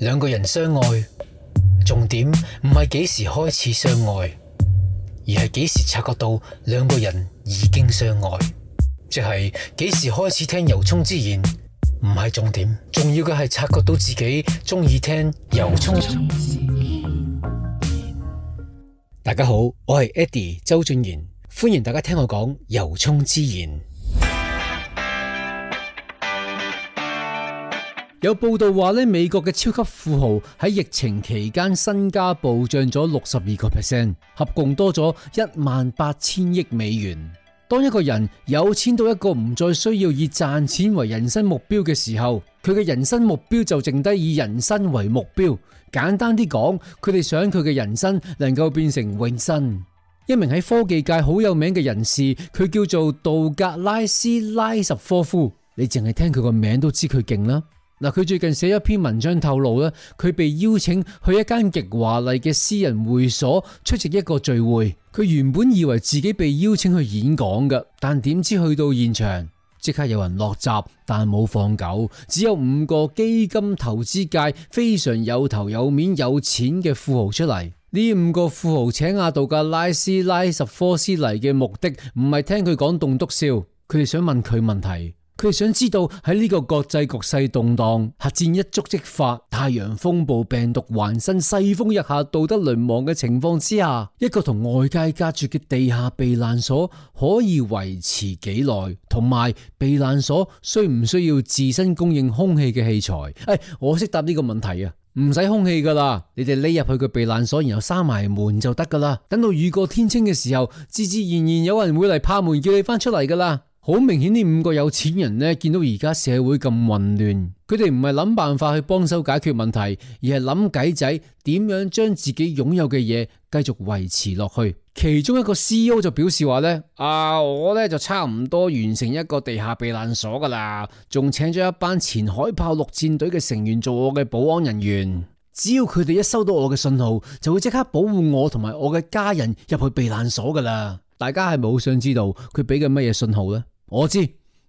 兩個人相愛，重點唔係幾時開始相愛，而係幾時察覺到兩個人已經相愛，即係幾時開始聽由衷之言，唔係重點，重要嘅係察覺到自己中意聽由衷之言。大家好，我係 Eddie 周俊賢，歡迎大家聽我講由衷之言。有報道話咧，美國嘅超級富豪喺疫情期間身家暴漲咗六十二個 percent，合共多咗一萬八千億美元。當一個人有錢到一個唔再需要以賺錢為人生目標嘅時候，佢嘅人生目標就剩低以人生為目標。簡單啲講，佢哋想佢嘅人生能夠變成永生。一名喺科技界好有名嘅人士，佢叫做道格拉斯拉什科夫。你淨係聽佢個名都知佢勁啦。嗱，佢最近寫一篇文章透露咧，佢被邀請去一間極華麗嘅私人會所出席一個聚會。佢原本以為自己被邀請去演講噶，但點知去到現場，即刻有人落閘，但冇放狗，只有五個基金投資界非常有頭有面有錢嘅富豪出嚟。呢五個富豪請阿道格拉斯拉什科斯嚟嘅目的，唔係聽佢講棟篤笑，佢哋想問佢問題。佢哋想知道喺呢個國際局勢動蕩、核戰一觸即發、太陽風暴、病毒橫生、世風日下、道德淪亡嘅情況之下，一個同外界隔絕嘅地下避難所可以維持幾耐？同埋，避難所需唔需要自身供應空氣嘅器材？誒、哎，我識答呢個問題啊！唔使空氣噶啦，你哋匿入去個避難所，然後閂埋門就得噶啦。等到雨過天青嘅時候，自自然然有人會嚟拍門叫你返出嚟噶啦。好明顯，呢五個有錢人呢，見到而家社會咁混亂，佢哋唔係諗辦法去幫手解決問題，而係諗計仔點樣將自己擁有嘅嘢繼續維持落去。其中一個 C.E.O 就表示話呢啊，我呢就差唔多完成一個地下避難所噶啦，仲請咗一班前海豹陸戰隊嘅成員做我嘅保安人員。只要佢哋一收到我嘅信號，就會即刻保護我同埋我嘅家人入去避難所噶啦。大家係咪好想知道佢俾嘅乜嘢信號呢？」我知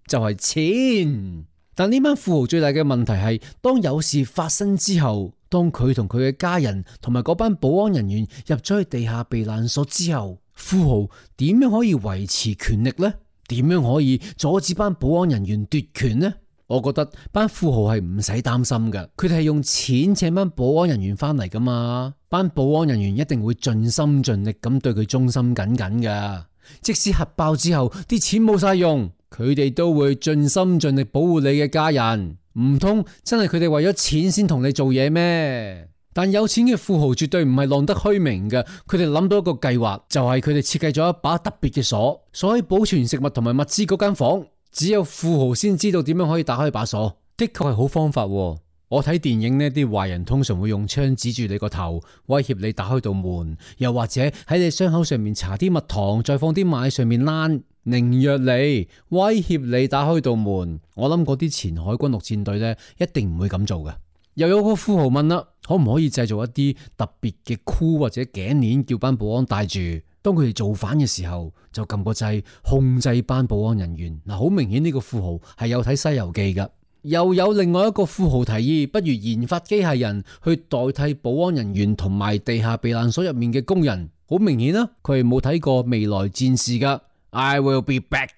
就係錢，但呢班富豪最大嘅問題係，當有事發生之後，當佢同佢嘅家人同埋嗰班保安人員入咗去地下避難所之後，富豪點樣可以維持權力呢？點樣可以阻止班保安人員奪權呢？我覺得班富豪係唔使擔心嘅，佢哋係用錢請班保安人員翻嚟噶嘛，班保安人員一定會盡心盡力咁對佢忠心耿耿噶。即使核爆之後啲錢冇晒用，佢哋都會盡心盡力保護你嘅家人。唔通真係佢哋為咗錢先同你做嘢咩？但有錢嘅富豪絕對唔係浪得虛名嘅，佢哋諗到一個計劃，就係佢哋設計咗一把特別嘅鎖，所以保存食物同埋物資嗰間房，只有富豪先知道點樣可以打開把鎖。的確係好方法啊。我睇電影呢啲壞人通常會用槍指住你個頭，威脅你打開道門，又或者喺你傷口上面搽啲蜜糖，再放啲蟻上面爬，凌虐你，威脅你打開道門。我諗嗰啲前海軍陸戰隊呢，一定唔會咁做嘅。又有個富豪問啦，可唔可以製造一啲特別嘅箍或者頸鏈，叫班保安戴住，當佢哋造反嘅時候就撳個掣控制班保安人員。嗱，好明顯呢個富豪係有睇《西遊記》噶。又有另外一個富豪提議，不如研發機械人去代替保安人員同埋地下避難所入面嘅工人。好明顯啦、啊，佢係冇睇過未來戰士噶。I will be back。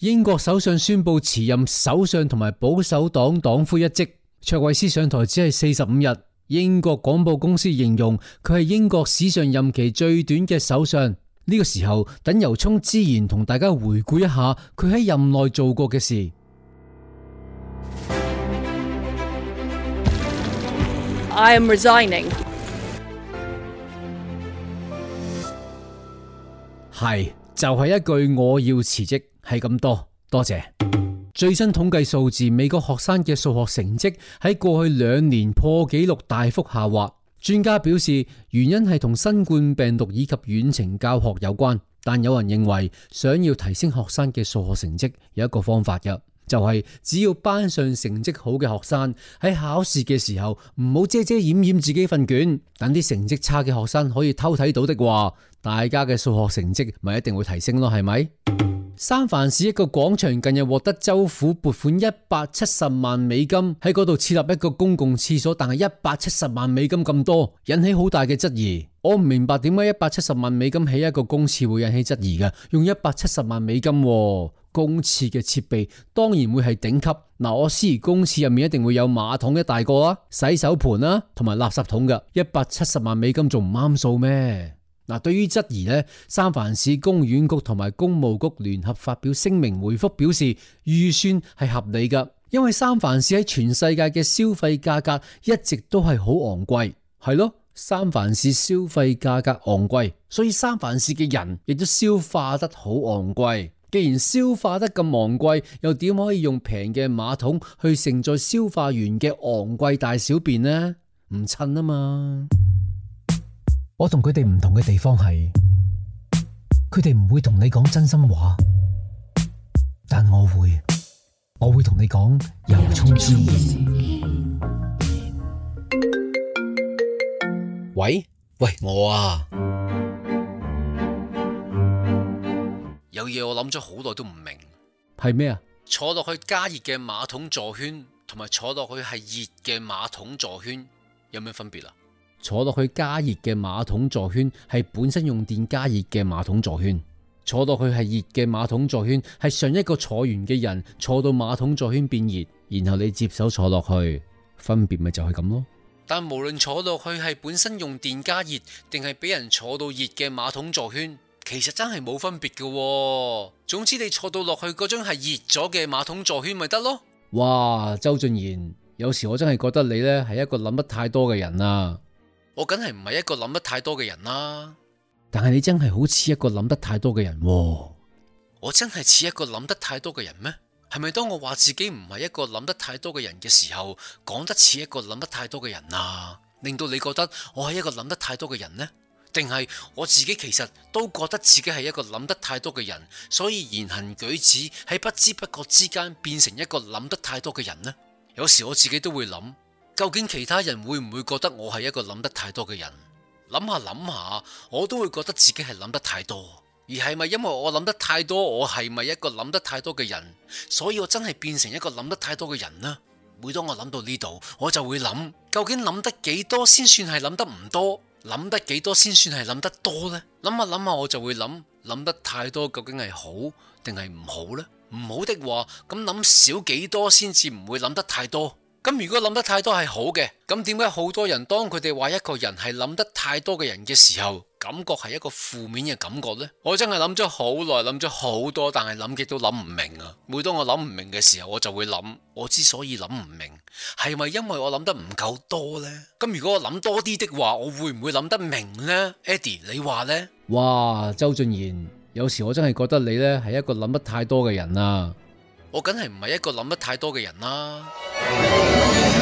英國首相宣布辭任首相同埋保守黨黨魁一職，卓慧思上台只係四十五日。英國廣播公司形容佢係英國史上任期最短嘅首相。呢、這個時候，等由衷之言同大家回顧一下佢喺任內做過嘅事。I am resigning，係就係、是、一句我要辭職，係咁多多謝。最新統計數字，美國學生嘅數學成績喺過去兩年破紀錄大幅下滑。專家表示，原因係同新冠病毒以及遠程教學有關。但有人認為，想要提升學生嘅數學成績，有一個方法嘅。就係只要班上成績好嘅學生喺考試嘅時候唔好遮遮掩掩自己份卷，等啲成績差嘅學生可以偷睇到的話，大家嘅數學成績咪一定會提升咯？係咪？三藩市一個廣場近日獲得州府撥款一百七十萬美金喺嗰度設立一個公共廁所，但係一百七十萬美金咁多引起好大嘅質疑。我唔明白點解一百七十萬美金起一個公廁會引起質疑嘅？用一百七十萬美金啊。公廁嘅設備當然會係頂級嗱，我私家公廁入面一定會有馬桶一大一個啦、洗手盤啦，同埋垃圾桶㗎。一百七十萬美金仲唔啱數咩？嗱，對於質疑呢，三藩市公園局同埋公務局聯合發表聲明回覆表示，預算係合理噶，因為三藩市喺全世界嘅消費價格一直都係好昂貴，係咯。三藩市消費價格昂貴，所以三藩市嘅人亦都消化得好昂貴。既然消化得咁昂貴，又點可以用平嘅馬桶去承載消化完嘅昂貴大小便呢？唔襯啊嘛！我同佢哋唔同嘅地方係，佢哋唔會同你講真心話，但我會，我會同你講油蔥之言。喂喂，我啊！嘢我諗咗好耐都唔明，係咩啊？坐落去加熱嘅馬桶座圈，同埋坐落去係熱嘅馬桶座圈有咩分別啊？坐落去加熱嘅馬桶座圈係本身用電加熱嘅馬桶座圈，坐落去係熱嘅馬桶座圈係上一個坐完嘅人坐到馬桶座圈變熱，然後你接手坐落去，分別咪就係咁咯。但無論坐落去係本身用電加熱，定係俾人坐到熱嘅馬桶座圈。其實真係冇分別嘅、哦，總之你坐到落去嗰張係熱咗嘅馬桶座圈咪得咯。哇，周俊賢，有時我真係覺得你呢係一個諗得太多嘅人啊。我梗係唔係一個諗得太多嘅人啦、啊。但係你真係好似一個諗得太多嘅人、啊。我真係似一個諗得太多嘅人咩？係咪當我話自己唔係一個諗得太多嘅人嘅時候，講得似一個諗得太多嘅人啊？令到你覺得我係一個諗得太多嘅人呢？定係我自己，其實都覺得自己係一個諗得太多嘅人，所以言行舉止喺不知不覺之間變成一個諗得太多嘅人呢。有時我自己都會諗，究竟其他人會唔會覺得我係一個諗得太多嘅人？諗下諗下，我都會覺得自己係諗得太多，而係咪因為我諗得太多，我係咪一個諗得太多嘅人？所以我真係變成一個諗得太多嘅人呢。每當我諗到呢度，我就會諗，究竟諗得幾多先算係諗得唔多？諗得幾多先算係諗得多呢？諗下諗下，我就會諗諗得太多究竟係好定係唔好呢？唔好的話，咁諗少幾多先至唔會諗得太多？咁如果諗得太多係好嘅，咁點解好多人當佢哋話一個人係諗得太多嘅人嘅時候，感覺係一個負面嘅感覺呢。我真係諗咗好耐，諗咗好多，但係諗極都諗唔明啊！每當我諗唔明嘅時候，我就會諗，我之所以諗唔明，係咪因為我諗得唔夠多呢？咁如果我諗多啲的話，我會唔會諗得明呢？」Eddie，你話呢？哇，周俊賢，有時我真係覺得你呢係一個諗得太多嘅人啊！我梗係唔係一個諗得太多嘅人啦、啊。